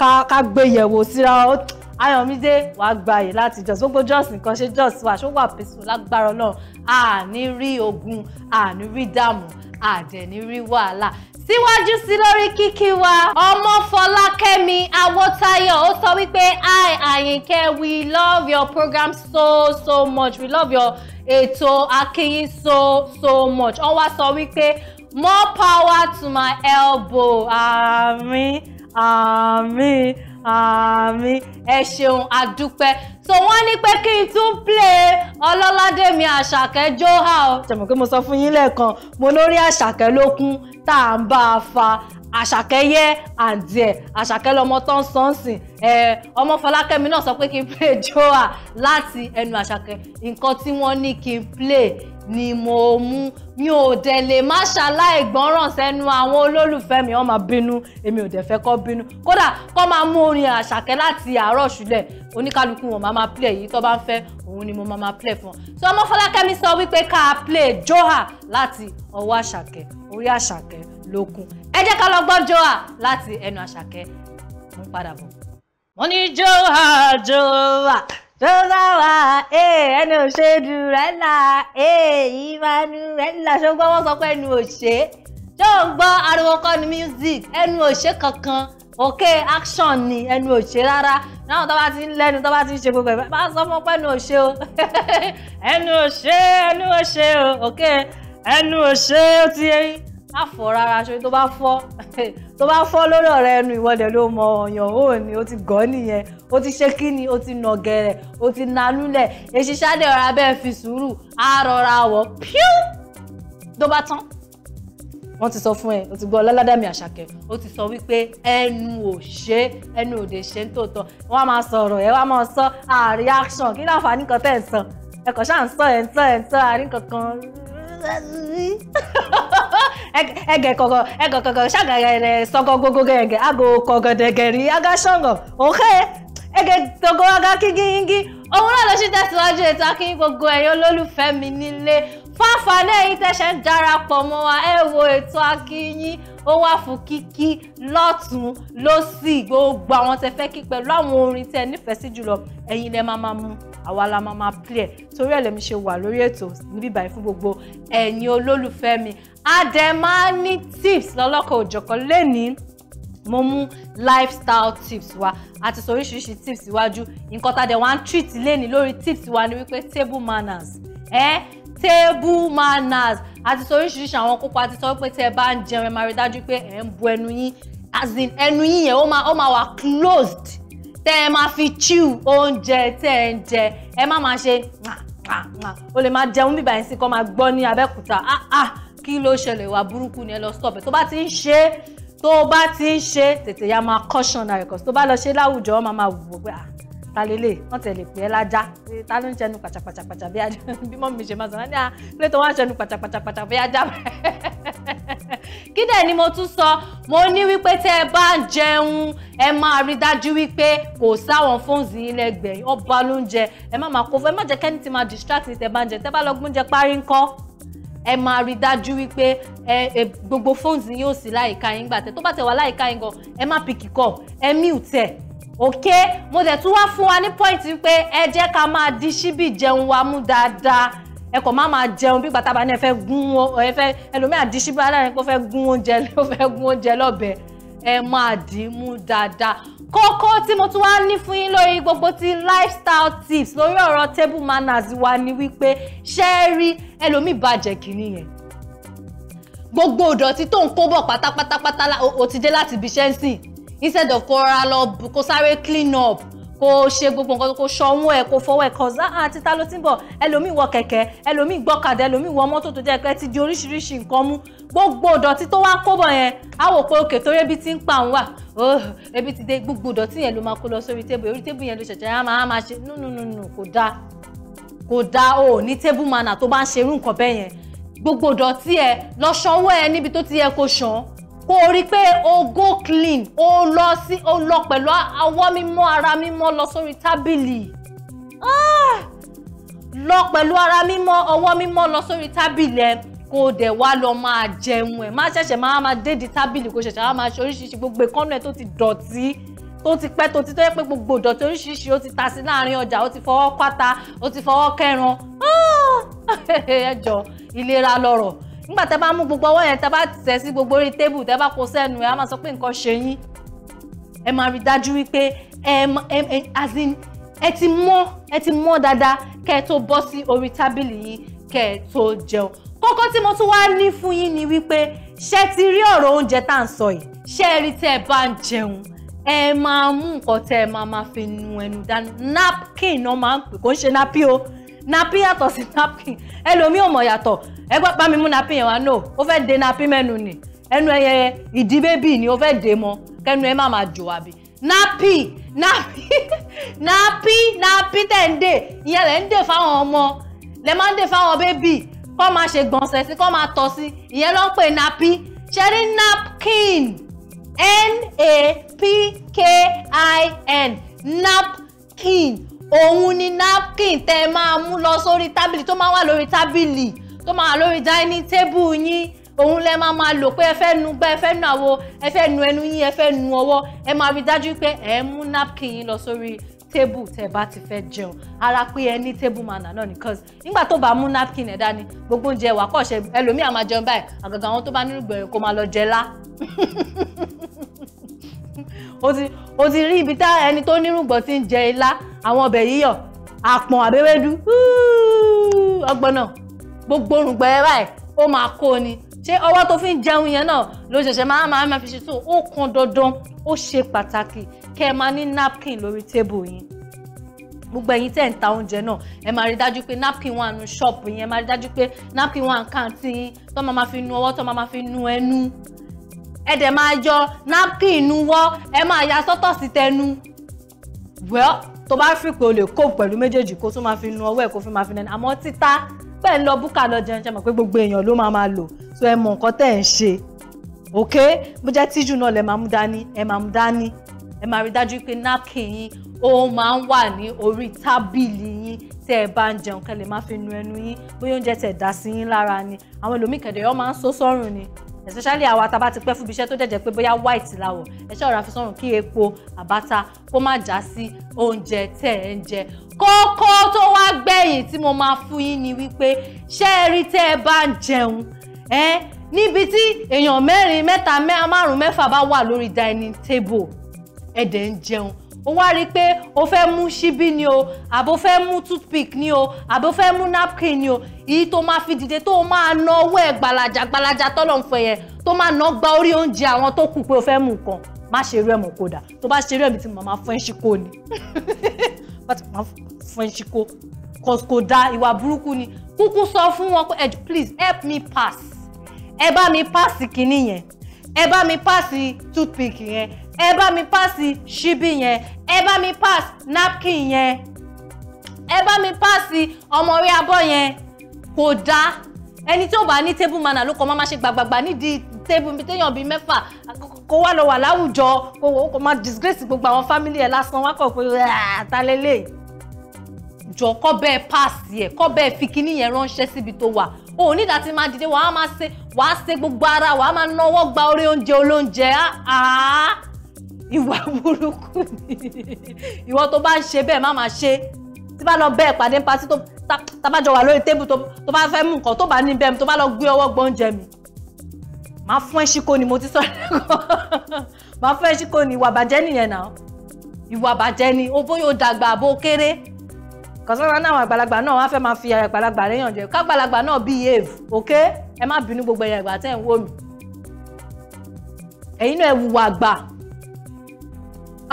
ká gbé yẹ̀wò síra ó. Ayọ̀mídé wàá gbayè láti Jos gbogbo Jos nǹkan ṣe Jos wà ṣó wà pèsè lágbára Ọlọ́run àní rí ogun àní rí dààmú àdẹ̀ní rí wàhálà síwájú sí lórí kíkí wa ọmọ Fọlákẹ́mi Awótáyọ̀ ó sọ wípé hi Àyìnkẹ́ we love your program so so much we love your ètò akínyìn so so much ó wá sọ wípé more power to my elbow àmín àmín àmín ẹ ṣeun adúpẹ́ so wọ́n ní pé kí n tún play ọlọ́ládẹ́mi àṣàkẹ́ joha o tẹ̀mọ̀ pé mo sọ fún yín lẹ́ẹ̀kan mo lórí àṣàkẹ́ lókun tá à ń bá a fa àṣàkẹ́ yẹ àǹtí ẹ̀ àṣàkẹ́ lọmọ tán sọ́nsìn ẹ̀ ọmọ fọlákẹ́mi náà sọ pé kí n play joha láti ẹnu àṣàkẹ́ nǹkan tí wọ́n ní kí n play ni mo mú mi ò dẹ̀ lè má ṣaláì gbọ́ràn sẹ́nu àwọn olólùfẹ́ mi wọ́n máa bínú èmi ò dẹ̀ fẹ́ kọ́ bínú kódà kọ́ máa mú orin àṣàkẹ́ láti àárọ̀ ṣúlẹ̀ oníkálukú wọn máa máa play èyí tó bá ń fẹ́ òun ni mo máa máa play fún ọ so ọmọ Fọlákẹ́mi sọ wípé ká play Joha láti ọwọ́ àṣàkẹ́ orí àṣàkẹ́ lókun ẹ jẹ́ ká lọ gbọ́ Joha láti ẹnu àṣàkẹ́ mú padà bọ̀ wọ́n ní Joha Joha tó bá wà eh, ẹnu òṣèlú rẹ̀ là Emmanuel ṣó gbọ́ wọ́n sọ pé ẹnu òṣè ṣó ń gbọ́ ariwo kọ́ ni music ẹnu òṣè kankan òkè action ni ẹnu òṣè rárá náà tó bá ti ń lẹ́nu tó bá ti ń ṣe gbogbo ẹ̀ bá sọ fún pẹ́nu òṣè o ẹnu òṣè ẹnu òṣè o òkè ẹnu òṣè ó ti yẹ má fọ́ rárá ṣe tó bá fọ́ tó bá fọ́ lórí ọ̀rẹ́ ẹnu ìwọ́dẹ ló mọ ọ̀yàn ó ní o ti gọ́ nìyẹn o ti ṣe kí ni o ti nà gẹ̀rẹ̀ o ti nanúlẹ̀ èsì ṣáde ọ̀rá bẹ́ẹ̀ fi sùúrù á rọra wọ̀ píú tó bá tán wọ́n ti sọ fún ẹ o ti gbọ́ ọlọ́ládàmì àṣàkẹ́ o ti sọ wípé ẹnu ò ṣe ẹnu ò dè ṣe ń tòótọ́ wọ́n máa sọ̀rọ̀ ẹ wọ́n máa sọ àríáṣàn kí láǹfààní kan tẹ̀ ń sọ ẹ̀kọ́ ṣáà ń sọ ẹ̀ ń sọ ẹ̀ ń sọ àrí kankan ege kogo ege kogo shagagere soko gogo ege ago kogo degeri aga shango ohe ege togo aga kigi ingi òun náà ló ṣe tẹ̀síwájú ètò akínyìn gbogbo ẹ̀yin olólùfẹ́ mi nílé fáfáà lẹ́yìn tẹ̀sẹ̀ ń darapọ̀ mọ́ wa ẹ wo ètò akínyìn ó wá fún kíkí lọ́tún lọ́sì gbogbo àwọn tẹ fẹ́ kí pẹ̀lú àwọn orin tẹ nífẹ̀ẹ́ sí jùlọ ẹ̀yin lẹ máa máa mú àwa la máa máa play ẹ̀ torí ẹ̀ lẹ́mi ṣe wà lórí ètò níbí báyìí fún gbogbo ẹ̀yin olólùfẹ́ mi àdẹ̀má ní tips lọ́lọ́kọ̀ òjọ̀kan lẹ́nìí mo mú lifestyle tips wa àti sọ oríṣiríṣi tips iwájú nǹkan tá a dẹ̀ wá ń treat léni lórí tips wa ni wípé table manners eh? table manners àti sọ oríṣiríṣi àwọn kókó àti sọ pé tí ẹ bá ń jẹun ẹ máa rí dájú pé ẹ ń bu ẹnu yín as in ẹnu yín yẹn ó máa wà closed tẹ́ ẹ máa fi chew oúnjẹ tẹ́ ẹ ń jẹ ẹ má máa ṣe o lè máa jẹun bíbá yẹn sí kó máa gbọ́ ní Abẹ́òkúta ah ah kí ló ṣẹlẹ̀ ìwà burúkú ni ẹ lọ stop ẹ tó bá ti ń ṣe tó bá ti ń ṣe tètè ya máa caution náà rẹ̀ kọ́ tó bá lọ ṣe láwùjọ wọn máa máa wò pé ah ta lélẹ̀ wọ́n tẹ̀ lè pè é lájá ta ló ń ṣẹnu pàtàpàtàpàtà bí ajá bí mọ́ ṣe máa sọ̀rọ̀ ní à ah, tó wá ṣẹnu pàtàpàtàpàtà bí ajá kí dẹ̀ ni mo tún sọ mo ní wípé tẹ́ ẹ bá ń jẹun ẹ máa rí dájú wípé kò sáwọn fóònù yìí lẹ́gbẹ̀ẹ́ ọba ló ń jẹ ẹ má máa kó fún ẹ má jẹ́ kẹ́ni ti máa distract ní tẹ́ bá ń jẹ tẹ́ bá lọ gbóúnjẹ parí ńkọ́ ẹ máa rí dájú wípé ẹ gbogbo fóònù yóò sí láìka yín gbà tẹ tó bá tẹ wà láìka yín gan ẹ má pìkì kọ ẹ mute ok mo dẹ̀ tún wá fún wa ní pọ́ìntì pé ẹ jẹ́ ká máa di ṣíbì jẹun wa mú dáadáa ẹ kò má máa jẹun bí gbàtà bá ní ẹ fẹ́ gún ẹ fẹ́ ẹlòmíà di ṣíbì aláàrin pé ó fẹ́ gún oúnjẹ ó fẹ́ gún oúnjẹ lọ́bẹ̀ ẹ máa dì í mú dáadáa kókó tí mo tún wá ní fún yín lórí gbogbo ti lifestyle tips lórí ọ̀rọ̀ table manners wa ni wípé ṣé ẹ rí ẹlòmíì bàjẹ́ kìíní yẹn gbogbo ìdọ̀tí tó ń kó bọ̀ pátápátápátá ó ti dé láti ibi iṣẹ́ ń sìn instead of kó ra lọ kó sáré clean up kó ṣe gbogbo nǹkan kó ṣọwọ́ ẹ̀ kó fọwọ́ ẹ̀ cause ah, ah títa ló ti ń bọ̀ ẹlòmíì wọ kẹ̀kẹ́ ẹlòmíì gbọ́kadà ẹlòmíì wọ mọ́tò tó jẹ́ pé ti di oríṣiríṣi nǹkan mú gbogbo ìdọ̀tí tó wá kó bọ̀ yẹn á wò pé òkè torí ebi ti ń pa òun wà oh ebi ti dé gbogbo ìdọ̀tí yẹn ló máa kó lọ sórí tébù orí tébù yẹn ló ṣẹ̀ṣẹ̀ á máa máa ṣe nùnùnùnù kò dáa kò dáa o ní tébù manner tó bá ń ṣerú nǹkan bẹ́ẹ̀ yẹn gbogbo ìdọ̀tí ẹ lọ ṣọwọ́ ẹ níbi tó ti yẹ kó ṣàn kó o rí pé o go clean o lọ sí o lọ pẹ̀lú ọwọ́ mímọ́ ara mímọ́ lọ sórí tábìlì ah! lọ pẹ̀lú ara mímọ́ ọwọ́ mímọ́ lọ sórí tábìlì ẹ kó o dẹ̀ wá lọ máa jẹun ẹ̀ má ṣẹ̀ṣẹ̀ máa máa dédi tábìlì kó ṣẹ̀ṣẹ̀ máa máa ṣe oríṣiríṣi gbogbo ìkọ́nà ẹ̀ tó ti dọ̀tí tó ti pẹ́ tó ti tó yẹ pé gbogbo ìdọ̀tí oríṣiríṣi ó ti ta sí láàrin ọjà ó ti fọwọ́ pátá ó ti fọwọ́ kẹran ah! ẹ jọ ìlera lọrọ̀ nígbà tẹ bá mú gbogbo ọwọ́ yẹn tẹ bá tẹ̀ sí gbogbo orí tébù tẹ bá kó sẹ́nu ẹ á máa sọ pé nǹkan ṣe yín ẹ máa rí dájú wípé ẹ as ẹ ti mọ́ ẹ ti mọ́ dáadáa kẹ́ ẹ tó bọ́ sí orí tábìlì yín kẹ́ ẹ tó jẹun kókó tí mo tún wá ní fún yín ni wípé ṣé ti rí ọ̀rọ̀ oúnjẹ tá à ń sọ yìí ṣé ẹ rí tẹ́ ẹ bá ń jẹun ẹ máa mú nǹkan tẹ́ ẹ máa máa fi nu ẹnu dání napkin náà máa ń pè kó ń ṣe napi o napi yàtọ̀ sí napkin ẹlòmíì ò mọ̀ yàtọ̀ ẹ gbọ́ pa mi mú napi yẹn wá no ó fẹ́ de napi mẹ́nu ni ẹnu ẹyẹ ìdí bébì ni ó fẹ́ de mọ kẹnu ẹ má máa jò àbí napi napi napi napi tẹ̀ ń dè ìyẹn lẹ̀ ń dè fáwọn ọmọ lẹ̀ máa ń dè fáwọn bébì kọ́ máa ṣe gbọ̀nsẹ̀ sí kọ́ máa tọ̀ sí ìyẹn ló ń pè napi ṣe napkin n-a-p-k-i-n napkin òun ni napkin tẹ́ ẹ máa mú lọ sórí tábìlì tó máa wà lórí tábìlì tó máa wà lórí dining table yín òun lẹ máa máa lò pé ẹ fẹ́ nu gbá ẹ fẹ́ nu àwo ẹ fẹ́ nu ẹnu yín ẹ fẹ́ nu ọwọ́ ẹ máa rí dájú pé ẹ mú napkin yín lọ sórí tébù tẹ bá ti fẹ́ jẹun ara pé ẹ ní tébù manner náà ni cause nígbà tó bá mú napkin ẹ dání gbogbo oúnjẹ wà kọ̀ọ̀ṣẹ́ ẹlòmíà máa jẹun báyìí àgàgà àwọn tó bá nínú gbẹ̀rẹ̀ kó máa lọ jẹ lá o ti rí ibi tá ẹni tó nírùngbọ̀n ti ń jẹ ilá àwọn ọbẹ̀ yíyọ̀ àpọ̀n àbẹ́wẹ́dú ọgbọ́n náà gbogbo orùngbẹ́ ẹ báyìí ó máa kó ni ṣé ọwọ́ tó fi ń jẹun yẹn náà ló ṣẹ̀ṣẹ̀ máa máa máa fi ṣe tó ó kan dandan ó ṣe pàtàkì kẹ́ ẹ máa ní napkin lórí tébù yín gbogbo ẹ̀yin tẹ́ ń ta oúnjẹ náà ẹ máa rí dájú pé napkin wà nù ṣọ́ọ̀bù yẹn ẹ máa rí dájú pé napkin wà kàǹtì yín tó máa máa fi nu ọwọ́ tó máa máa fi nu ẹnu ẹ dẹ̀ máa yọ napkin nuwọ́ ẹ máa ya sọ́tọ̀ sí tẹnu well tó bá fi pé o lè kó pẹ̀lú méjèèjì kó tún máa fi nu ọwọ́ ẹ̀ kó fi máa fi nẹni àmọ́ títa bẹ́ẹ̀ lọ búkà lọ jẹun jẹun pé gbogbo èèyàn ló máa máa lò so ẹ mọ nǹkan tẹ́ ẹ̀ ń ṣe ok bó jẹ́ tíjú náà lẹ máa mú dání ẹ máa mú dání ẹ máa rí dájú pé napkin yín ó máa ń wà ní orí tábìlì yín tẹ́ ẹ bá ń jẹun kẹ́ lè fi nu ẹnu yín bóyá oúnjẹ tẹ́ dà sí yín lára ni àwọn ẹlòmíkẹ̀dẹ̀ yọ máa ń so sọ́rùn ni especially àwa tá a bá ti pẹ́ fún ibiṣẹ́ tó dẹ̀jẹ̀ pé bóyá white láwọ̀ ẹ ṣọ́ra fi sọ́run kí epo àbáta kó má já sí oúnjẹ tẹ̀ ẹ̀ ń jẹ kókó tó wá gbẹ̀yìn tí mo máa fún yín ni wípé ṣé ẹ rí tẹ́ ẹ bá ń jẹun ẹ níbi tí èèyàn mẹ́rin mẹ́ta márùn mẹ́fà bá wà lórí dining table ẹ dẹ̀ ń jẹun ó wá rí i pé o fẹ́ mú ṣíbí ni o àbò fẹ́ mú toothpick ni o àbò fẹ́ mú napkin ni o èyí tó máa fi dìde tó máa ná owó ẹ̀ gbalaja gbalaja tọ́lọ̀ ń fẹ́ yẹn tó máa ná gba orí oúnjẹ àwọn tó kù pé o fẹ́ mú nǹkan má ṣe irú ẹ̀ mọ̀ kódà tó bá ṣe irú ẹ̀ mi ti mọ̀ máa fún ẹ̀ ṣíkó ni bá ti máa fún ẹ̀ ṣíkó kò da ìwà burúkú ni kúkú sọ fún wọn pé please help me pass ẹ bá mi pass kinní yẹn ẹ bá mi pass toothpick yẹn ẹ bá mi pass ṣíbí yẹn ẹ bá mi pass napkin yẹn ẹ bá mi pass ọmọrí abọ́ yẹn kò dáa ẹni tí ò bá ní table manner ló kọ máa ṣe gbàgbàgbà nídìí table bíi téèyàn bíi mẹ́fà kó wá lọ wà láwùjọ kó wọ́n kó máa disgrace gbogbo àwọn family ẹ̀ lásán wá kọ̀ pé àtàlélẹ̀ ah, jọ kọ́ bẹ́ẹ̀ pass yẹ kọ́ bẹ́ẹ̀ fi kíní yẹn ránṣẹ́ síbi tó wà o nígbà tí máa dìde wàá máa ṣe wàá ṣe gbogbo ara wàá máa náwó gba orí oúnjẹ olóúnjẹ àá ìwà burúkú ni ìwọ tó bá ń ṣe bẹ́ẹ̀ má máa ṣe tí bá lọ bẹ́ẹ̀ pàdé patí tó tábàjọ wà lórí tébù tó bá fẹ́ mú nǹkan tó bá ní bẹ́ẹ̀ mi tó bá lọ gbé ọwọ́ gbọ́únjẹ mi máa fún ẹ ṣíkò ni mo ti sọ̀rọ̀ lẹ́kọ̀ọ́ máa fún ẹ ṣíkò ni ìwà bàjẹ́ nìyẹn náà ìwà bàjẹ́ ni o bóyá o dàgbà àbó kéré kọ̀sọ́nà náà àwọn àgbàlagbà náà wọ́n á fẹ́ máa fi ara àgbàlagbà rẹ̀ yànjẹ kágbàlagbà náà behave ok ẹ má bínú gbogbo ẹ̀yà ìgbà tẹ́ ẹ̀ ń wò mí ẹ̀yin náà ẹ wùwà àgbà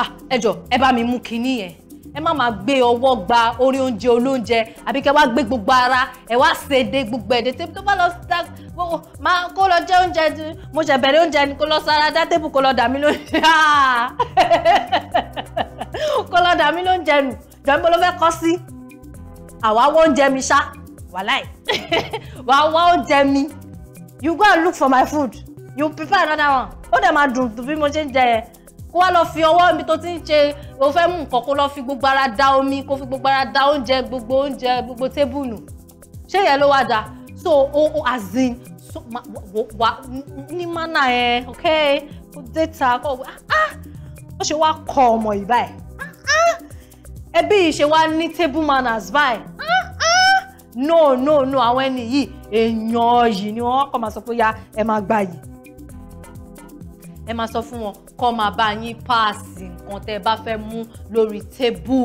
ah, ẹ jọ ẹ bá mi mú kinní yẹn ẹ má máa gbé ọwọ́ gba orí oúnjẹ olóúnjẹ àbí kẹ́ wá gbé gbogbo ara ẹ wá ṣèdè gbogbo ẹ̀dẹ̀ tẹ́bí tó bá lọ sí máa kó lọ jẹ oúnjẹ mo ṣẹ̀ bẹ̀rẹ̀ oúnjẹ ni kó lọ sára dá tébù kó lọ dà mí lóúnjẹ kó lọ dà mí lóúnjẹ nù jọ̀ọ́ ló fẹ́ kọ́ sí àwa wọ́n oúnjẹ mi ṣá wàláì wàá wọ́n oúnjẹ mi you go and look for my food you prefer another one ó dẹ̀ máa dùn bí mo ṣe ń jẹ yẹn kó wá lọ fi ọwọ́ ibi tó ti ń ṣe o fẹ́ mú nǹkan kó lọ fi gbogbo ara da omi kó fi gbogbo ara da oúnjẹ gbogbo oúnjẹ gbogbo tébùlù ṣé yẹn ló wá da so o o azin so ma wo wa ní mana ẹ ok kó déta kó ah ah ó ṣe wá kọ ọmọ yìí báyìí ah, ah ẹbí yìí ṣe wá ní table manners báyìí ah ah no no no àwọn ẹni yìí èèyàn yìí ni wọ́n kọ́ máa sọ pé ya ẹ máa gbà yìí ẹ máa sọ fún wọn kọ́ máa bá yín páàsì nǹkan tẹ́ ẹ bá fẹ́ mú lórí tébù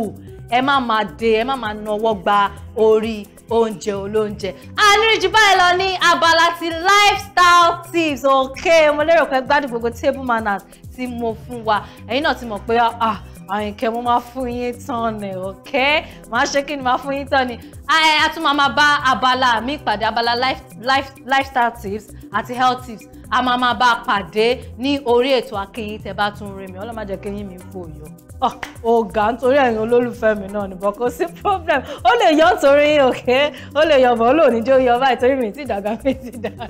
ẹ má máa de ẹ má máa nawọ́ gba orí oúnjẹ olóúnjẹ. àníríjú báyìí lọ ní abala ti lifestyle tips ok mo lérò pé gbádùn gbogbo table manners tí mo fún wa ẹ̀yin náà ti mọ̀ pé ah àyìnkẹ́ mo máa fún yín tán ni ok máa ṣe kí ni máa fún yín tán ni a tún máa máa bá abala mi pàdé abala life life lifestyle tips àti health tips a máa máa bá a pàdé ní orí ètò akínyìn tẹ bá tún rí mi ọlọ́mọ jẹ́ kéyìn mi fò yọ ọ̀gá ah, nítorí ẹ̀yin olólùfẹ́ mi náà nìbọn kò sí problem ó lè yọ torí òkè ó lè yọ bọ̀ ó lò ní jó yọ báyìí torí mi ti dàgbà mi ti dàgbà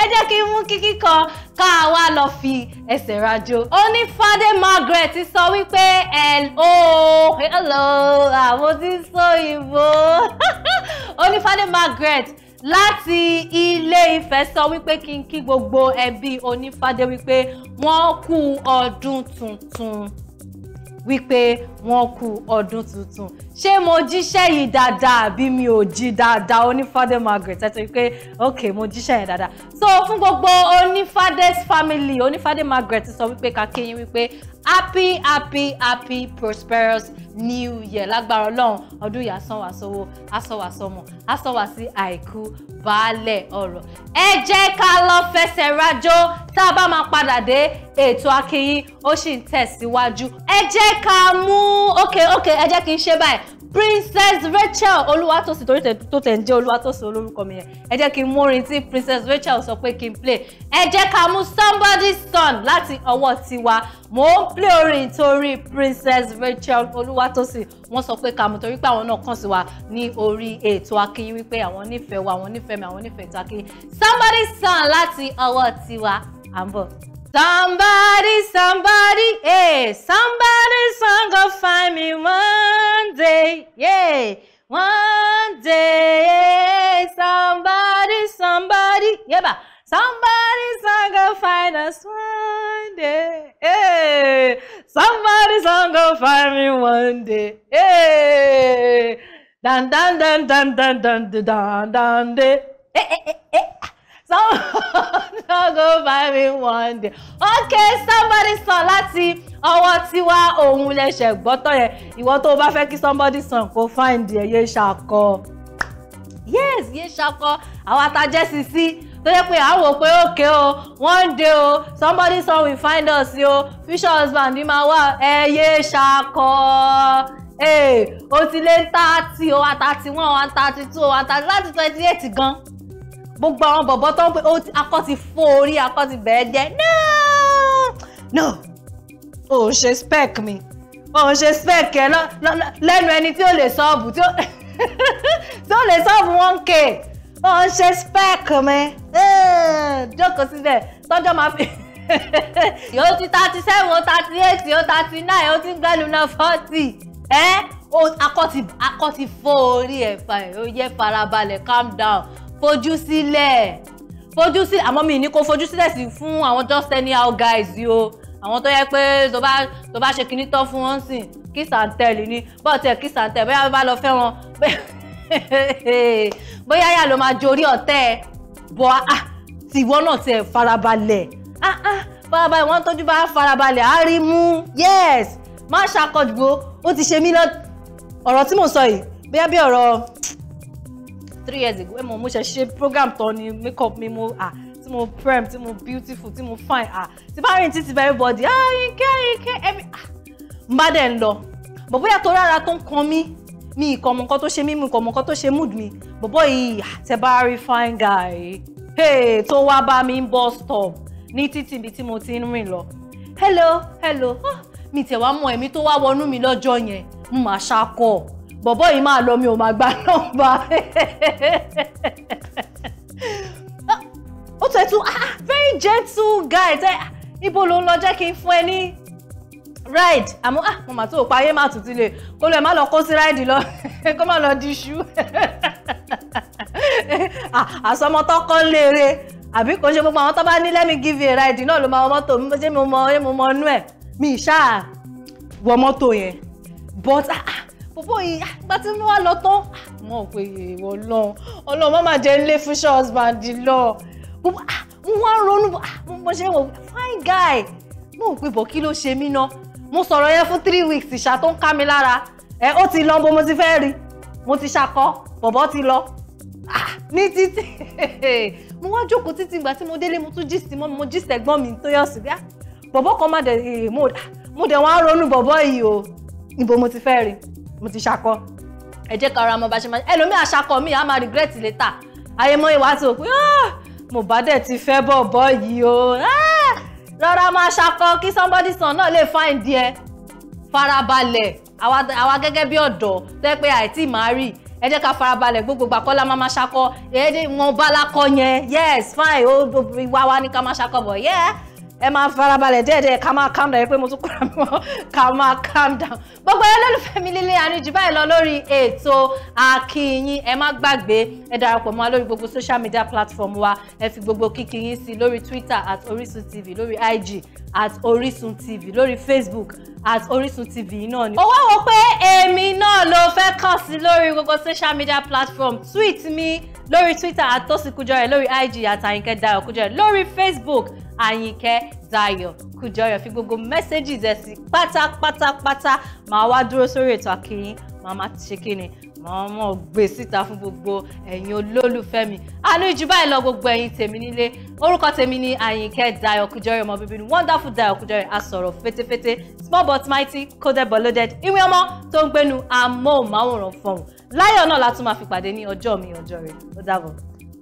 ẹ jẹ́ kí n mú kíkí kan ká wá lọ fi ẹsẹ̀ rajò ó ní Fade Margaret sọ wípé hello hello àwọn tí ń sọ ìbò ó ní Fade Margaret láti ilé Ifẹ̀ sọ wípé kí n kí gbogbo ẹbí onífádé wípé wọ́n kú ọdún tuntun wípé wọn ku ọdún tuntun ṣé mo jíṣẹ́ yìí dáadáa àbí mi ò jí dáadáa onífádé Margaret ẹ ti pé ok mo jíṣẹ́ yẹn dáadáa so fún gbogbo onífádé's family onífádé Margaret sọ wípé kakéyìn wípé happy happy happy prosperous new year lágbára ọlọ́run ọdún yìí asánwàsówó asánwàsọmọ asánwàsí àìkú baálẹ̀ ọ̀rọ̀ ẹ jẹ́ ká lọ fẹsẹ̀ rajó tá a bá máa padà dé ètò AkiiYin ó sì ń tẹ̀síwájú ẹ jẹ́ ká mú Okay, okay. ẹ jẹ́ kí n ṣe báyìí princess rachel olúwatósìn torí tó tẹ̀ ń jẹ́ olúwatósìn olórúkọ mi yẹn ẹ jẹ́ kí n mórin tí princess rachel sọ pé kí n play ẹ jẹ́ ká mú somebody's son láti ọwọ́ tiwa mò ń play orin torí princess rachel olúwatósìn wọ́n sọ pé ká mú torí pé àwọn náà kàn sí wa ní orí ètò akínyìn wípé àwọn nífẹ̀ẹ́ wa àwọn nífẹ̀ẹ́ mi àwọn nífẹ̀ẹ́ ètò akínyìn somebody's son láti ọwọ́ tiwa à Somebody, somebody, hey, somebody, son, go find me one day, yeah, one day, somebody, somebody, yeah, ba. somebody, son, go find us one day, yeah. somebody, son, go find me one day, hey, Dun, dun, dun, dun, dun, dun, dun, dun, dan, eh, eh, eh, eh. don't go buy me one day. okay somebody song láti ọwọ́ tiwa òun lẹ́sẹ̀ gbọ́tọ̀ yẹn ìwọ tó o bá fẹ́ kí somebody song kó find ẹ̀ yé ṣàkọ yes yé ṣàkọ àwọn atajẹ́ sí sí tó yẹ pé à ń wò pé òkè o one day o somebody song we find us o fish husband ni máa wà ẹ yé ṣakọ o ti lé ń tààtì o thirty one one thirty two one thirty láti twenty eight gan gbogbo àwọn bọ̀bọ̀ tó ń pè ó akọ́ ti fọ́ orí akọ́ ti bẹ̀ẹ́ jẹ́ no no ò ń ṣe spec mi ò ń ṣe spec ẹ lẹ́nu ẹni tí ó lè sọ́ọ̀bù tí ó lè sọ́ọ̀bù one k ò ń ṣe spec mi eh! jókòó síbẹ̀ tọ́jọ́ máa fi yóò ti thirty seven ó thirty eight ó thirty nine ó ti ń gbẹ́nu náà forty ẹ́ eh! akọ́ ti fọ́ orí ẹ̀ fà ẹ̀ ó yẹ farabalẹ̀ calm down fojú sílẹ̀ fojú sílẹ̀ àmọ́ mi ní kó fojú sílẹ̀ sí fún àwọn just anyhow guys yìí o àwọn tó yẹ pé tó bá tó bá ṣe kinní tán fún wọn sìn kiss and tell ni bọ́ọ̀ tiẹ̀ kiss and tell bóyá bá lọ fẹ́ wọn bóyá yà ló máa jorí ọ̀tẹ́ ẹ bọ́ a ah, tìwọ́ náà tiẹ̀ farabalẹ̀ ah, ah, farabalẹ̀ wọ́n tọ́jú bá farabalẹ̀ á rí mú yes má ṣàkọjúgbó ó ti ṣe mí lọ ọ̀rọ̀ tí mò ń sọ yìí bóyá bí ọ̀rọ̀ three years ago ẹ mọ̀ mo ṣe ṣe program tán ni make up mi mo ah tí mo prem tí mo beautiful tí mo fine ah tí bá rìn títí bá everybody ah ike ike every. ah n bá dẹ̀ ń lọ bọ̀ bóyá torí ara tó ń kan mí mi ìkọ̀ ọmọ nǹkan tó ṣe mí mi ìkọ̀ ọmọ tó ṣe mood mi bọ̀bọ̀ yìí ah, tẹ bá rí fine guy hey tó wá bá mi ń bus stop ní títì ibi tí mo ti ń rìn lọ hello hello ah, mi tẹ̀ wá mọ ẹ̀mí tó wá wọnú mi lọ́jọ́ yẹn mo máa ṣakọ̀ bọ̀bọ̀ yìí máa lọ mi ò máa gba nọ́mbà ó tẹ̀ tún ah, ah, very gentle guy tẹ́ ah, ibo ló ń lọ jẹ́ kí n fún ẹ ní ride àmọ́ ah mo mà tó o pa ayé má tún ti lè kó lọ ẹ má lọ kó sí ride lọ kó má lọ di iṣu àsọmọtọ́ kọ́ léere àbí kò ń ṣe gbogbo àwọn tó bá ní let me give you a ride náà ló máa wọ mọ́tò mi ṣé mo mọ ẹ mo mọ inú ẹ mi ṣáà wọ mọ́tò yẹn but ah bòbó yìí gba tí mo wá lọ tán ah, mo ò pé ìwọ ọlọ́run ọlọ́run má má jẹ́ nílé fún husband lọ ah, mo wá ń ronú ah, mo ṣe wò fine guy mo ò pé bọ̀ kí ló ṣe mí ná mo sọ̀rọ̀ yẹn fún three weeks ìṣà tó ń ká mi lára ẹ ó ti lọ bó mo ti fẹ́ rí mo ti ṣakọ bọ̀bọ̀ ti lọ ní títí mo wá jókòó títí ìgbà tí mo délé mo tún gist mọ́ mo gist ẹ̀gbọ́n mi tó yọ̀ sí bíá kan má dẹ̀ eh, mo dẹ̀ wá ronú bọ̀bọ̀ yìí o ibo mo ti fẹ́ rí mo ti ṣakọ ẹ jẹ́ kára mo bá ṣe máa ẹlòmíì àṣakọ mi á máa regret later àyẹmọ ìwà ti wò pé ah, mo bá dẹ̀ ti fẹ́ bọ̀ bọ́ yìí o ah, rọra máa ṣakọ kí somebody san náà lè find ẹ farabalẹ̀ àwa gẹ́gẹ́ bí ọ̀dọ́ tó yẹ pé àìtí máa rí ẹ jẹ́ ká farabalẹ̀ gbogbo gbàkọ́lá máa máa ṣakọ ẹ jẹ́ wọn bá lákọ yẹn yes fine ìwà wa ni ká máa ṣakọ bọ̀ yẹ́ ẹ máa farabalẹ̀ díẹ̀díẹ̀ ká máa calm down pé mo tún kúrò mọ́ ká máa calm down gbogbo olólùfẹ́ mi lílé àníjù báyìí lọ lórí ètò akínyìn ẹ má gbàgbé ẹ darapọ̀ mọ́ lórí gbogbo social media platform wa ẹ fi gbogbo kíkì sí lórí Twitter at Orisun TV lórí IG at Orisun TV lórí Facebook at Orisun TV náà ni. ó wá wò pé èmi náà ló fẹ́ kàn sí lórí gbogbo social media platform tweet mi lórí Twitter at Tosin Kujore lórí IG at Ayinke Dayo Kujore lórí Facebook àyìnkẹ́ dayọ̀ kùjọyọ̀ fi gbogbo mẹ́sẹ́gìs ẹ̀ sí pátápátápátá máa wá dúró sórí ètò àkìyìn máa má ṣe kí ni máa mọ̀ gbé síta fún gbogbo ẹ̀yin olólùfẹ́ mi àánú ìjú báyìí lọ gbogbo ẹ̀yin tèmi nílé orúkọ tèmi ni àyìnkẹ́ dayọ̀ kùjọyọ̀ ọmọ bíbí ni wonderful dayọ̀ kùjọyọ̀ asọ̀rọ̀ fetefete small but mighty coded but loaded ìwé ọmọ tó ń gbénu amóhùnmáwòrán fọ̀hún láyọ̀ náà látún máa fi pàdé ní ọjọ́ mi ọjọ́ rẹ̀ ó dàbọ̀.